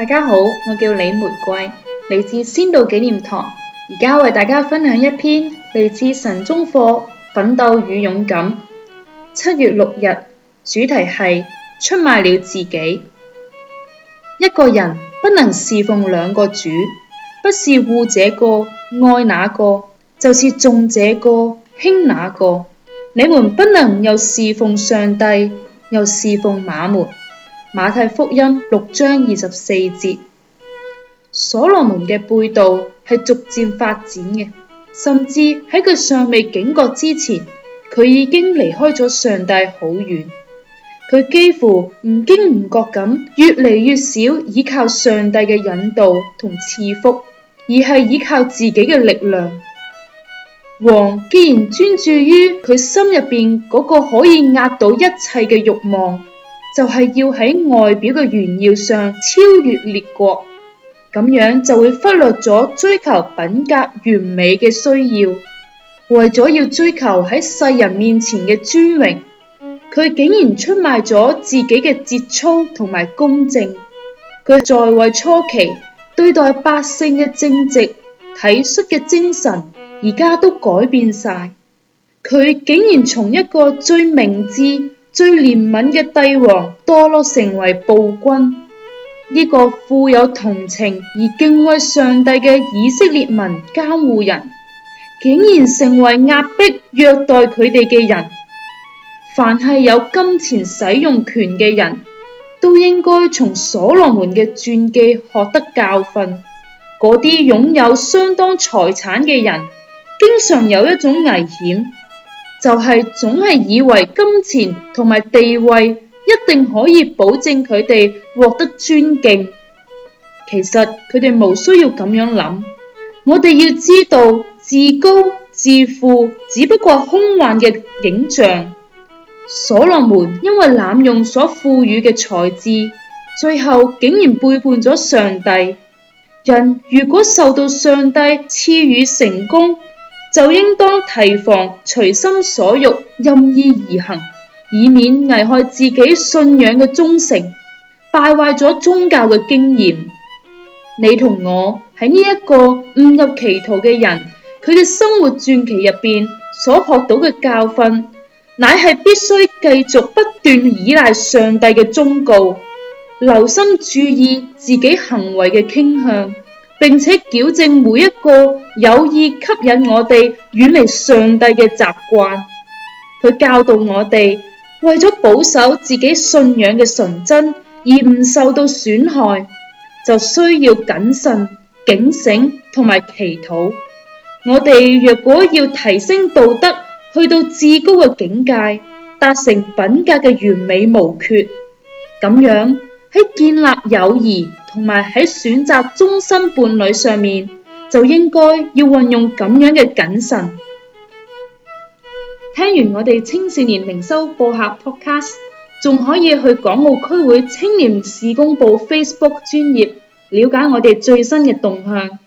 大家好，我叫李玫瑰，嚟自仙道紀念堂，而家為大家分享一篇嚟自神宗課《奮鬥與勇敢》，七月六日，主題係出賣了自己。一個人不能侍奉兩個主，不是護這個愛那個，就是重這個輕那個。你們不能又侍奉上帝，又侍奉馬門。馬太福音六章二十四節，所羅門嘅背道係逐漸發展嘅，甚至喺佢尚未警覺之前，佢已經離開咗上帝好遠。佢幾乎唔經唔覺咁，越嚟越少依靠上帝嘅引導同賜福，而係依靠自己嘅力量。王既然專注於佢心入邊嗰個可以壓倒一切嘅慾望。就係要喺外表嘅炫耀上超越列國，咁樣就會忽略咗追求品格完美嘅需要。為咗要追求喺世人面前嘅尊榮，佢竟然出賣咗自己嘅節操同埋公正。佢在位初期，對待百姓嘅正直、體恤嘅精神，而家都改變晒。佢竟然從一個最明智，最憐憫嘅帝王墮落成為暴君，呢、這個富有同情而敬畏上帝嘅以色列民監護人，竟然成為壓迫虐待佢哋嘅人。凡係有金錢使用權嘅人都應該從所羅門嘅傳記學得教訓。嗰啲擁有相當財產嘅人，經常有一種危險。就係總係以為金錢同埋地位一定可以保證佢哋獲得尊敬，其實佢哋冇需要咁樣諗。我哋要知道，自高自負，只不過空幻嘅影像。所羅門因為濫用所賦予嘅才智，最後竟然背叛咗上帝。人如果受到上帝賜予成功，就應當提防隨心所欲、任意而行，以免危害自己信仰嘅忠誠，敗壞咗宗教嘅經驗。你同我喺呢一個誤入歧途嘅人，佢嘅生活傳奇入邊所學到嘅教訓，乃係必須繼續不斷依賴上帝嘅忠告，留心注意自己行為嘅傾向。並且矯正每一個有意吸引我哋遠離上帝嘅習慣，佢教導我哋為咗保守自己信仰嘅純真而唔受到損害，就需要謹慎、警醒同埋祈禱。我哋若果要提升道德，去到至高嘅境界，達成品格嘅完美無缺，咁樣喺建立友誼。同埋喺選擇終身伴侶上面，就應該要運用咁樣嘅謹慎。聽完我哋青少年靈修播客 Podcast，仲可以去港澳區會青年事工部 Facebook 專頁，了解我哋最新嘅動向。